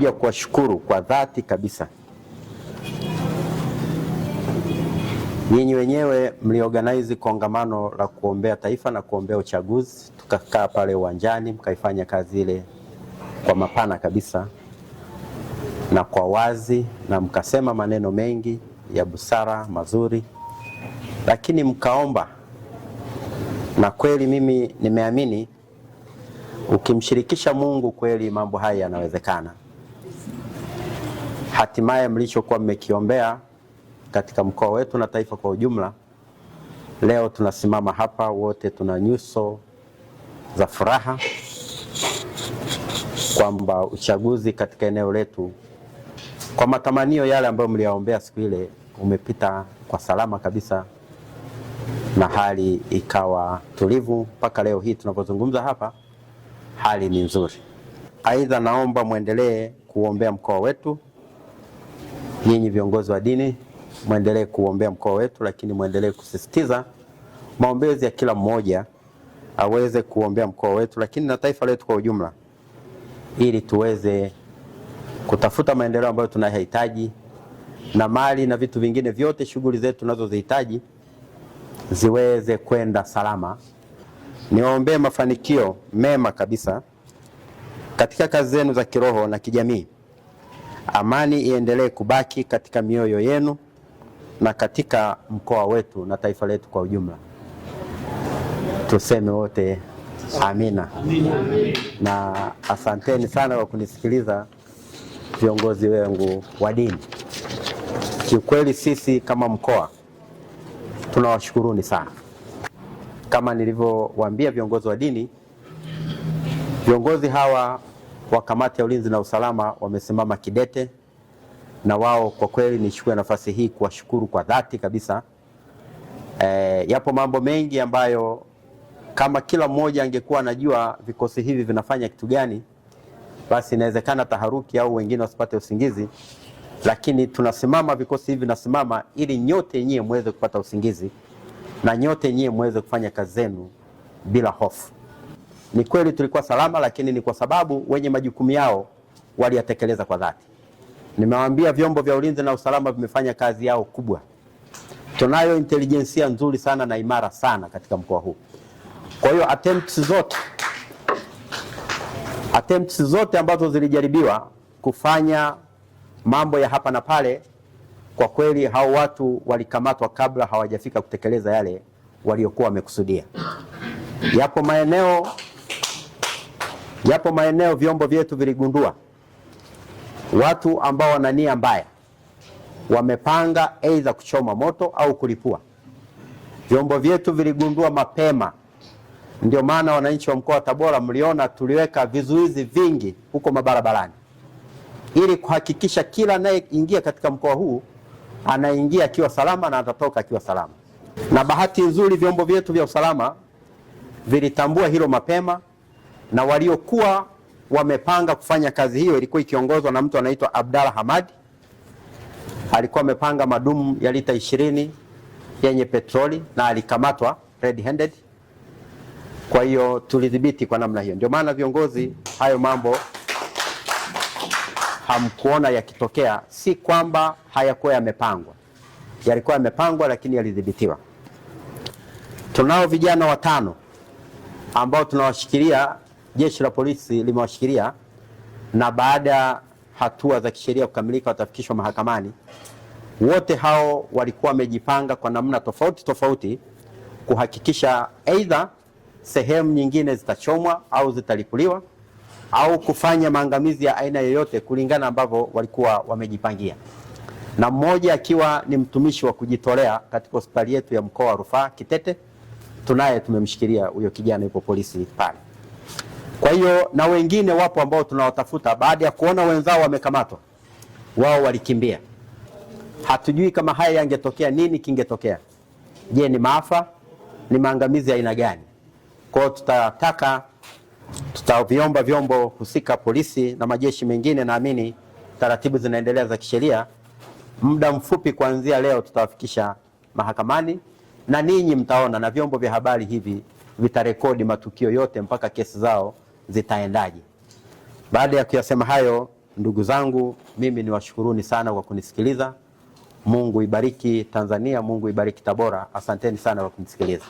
Nimekuja kuwashukuru kwa dhati kabisa. Nyinyi wenyewe mliorganize kongamano la kuombea taifa na kuombea uchaguzi, tukakaa pale uwanjani mkaifanya kazi ile kwa mapana kabisa na kwa wazi, na mkasema maneno mengi ya busara mazuri, lakini mkaomba, na kweli mimi nimeamini ukimshirikisha Mungu kweli mambo haya yanawezekana hatimaye mlichokuwa mmekiombea katika mkoa wetu na taifa kwa ujumla, leo tunasimama hapa wote, tuna nyuso za furaha kwamba uchaguzi katika eneo letu kwa matamanio yale ambayo mliyaombea siku ile umepita kwa salama kabisa, na hali ikawa tulivu mpaka leo hii tunapozungumza hapa, hali ni nzuri. Aidha, naomba mwendelee kuombea mkoa wetu nyinyi viongozi wa dini mwendelee kuombea mkoa wetu, lakini mwendelee kusisitiza maombezi ya kila mmoja aweze kuombea mkoa wetu, lakini na taifa letu kwa ujumla, ili tuweze kutafuta maendeleo ambayo tunahitaji, na mali na vitu vingine vyote, shughuli zetu tunazozihitaji ziweze kwenda salama. Niwaombee mafanikio mema kabisa katika kazi zenu za kiroho na kijamii. Amani iendelee kubaki katika mioyo yenu na katika mkoa wetu na taifa letu kwa ujumla. Tuseme wote amina, amina. Na asanteni sana kwa kunisikiliza viongozi wangu wa dini. Kiukweli sisi kama mkoa tunawashukuruni sana. Kama nilivyowaambia viongozi wa dini, viongozi hawa wa kamati ya ulinzi na usalama wamesimama kidete, na wao kwa kweli nichukue nafasi hii kuwashukuru kwa dhati kabisa. E, yapo mambo mengi ambayo kama kila mmoja angekuwa anajua vikosi hivi vinafanya kitu gani, basi inawezekana taharuki au wengine wasipate usingizi, lakini tunasimama, vikosi hivi vinasimama ili nyote nyie muweze kupata usingizi na nyote nyie muweze kufanya kazi zenu bila hofu. Ni kweli tulikuwa salama, lakini ni kwa sababu wenye majukumu yao waliyatekeleza kwa dhati. Nimewaambia vyombo vya ulinzi na usalama vimefanya kazi yao kubwa. Tunayo intelijensia nzuri sana na imara sana katika mkoa huu. Kwa hiyo attempts zote, attempts zote ambazo zilijaribiwa kufanya mambo ya hapa na pale, kwa kweli hao watu walikamatwa kabla hawajafika kutekeleza yale waliokuwa wamekusudia. Yapo maeneo Yapo maeneo vyombo vyetu viligundua watu ambao wana nia mbaya, wamepanga aidha kuchoma moto au kulipua. Vyombo vyetu viligundua mapema. Ndio maana wananchi wa mkoa wa Tabora mliona tuliweka vizuizi vingi huko mabarabarani ili kuhakikisha kila anayeingia katika mkoa huu anaingia akiwa salama na atatoka akiwa salama. Na bahati nzuri vyombo vyetu vya usalama vilitambua hilo mapema na waliokuwa wamepanga kufanya kazi hiyo ilikuwa ikiongozwa na mtu anaitwa Abdalla Hamadi. Alikuwa amepanga madumu ya lita ishirini yenye petroli na alikamatwa red handed. Kwa hiyo tulidhibiti kwa namna hiyo. Ndio maana viongozi, hayo mambo hamkuona yakitokea, si kwamba hayakuwa yamepangwa, yalikuwa yamepangwa, lakini yalidhibitiwa. Tunao vijana watano ambao tunawashikilia jeshi la polisi limewashikilia na baada ya hatua za kisheria kukamilika watafikishwa mahakamani. Wote hao walikuwa wamejipanga kwa namna tofauti tofauti kuhakikisha aidha sehemu nyingine zitachomwa au zitalipuliwa au kufanya maangamizi ya aina yoyote kulingana ambavyo walikuwa wamejipangia, na mmoja akiwa ni mtumishi wa kujitolea katika hospitali yetu ya mkoa wa rufaa Kitete, tunaye tumemshikilia huyo kijana, yupo polisi pale. Kwa hiyo na wengine wapo ambao tunawatafuta baada ya kuona wenzao wamekamatwa, wao walikimbia. Hatujui kama haya yangetokea, nini kingetokea? Je, ni maafa? Ni maangamizi aina gani? Kwa hiyo tutataka, tutaviomba vyombo husika, polisi na majeshi mengine. Naamini taratibu zinaendelea za kisheria. Muda mfupi kuanzia leo tutawafikisha mahakamani na ninyi mtaona, na vyombo vya habari hivi vitarekodi matukio yote mpaka kesi zao zitaendaje? Baada ya kuyasema hayo, ndugu zangu, mimi niwashukuruni sana kwa kunisikiliza. Mungu ibariki Tanzania, Mungu ibariki Tabora. Asanteni sana kwa kunisikiliza.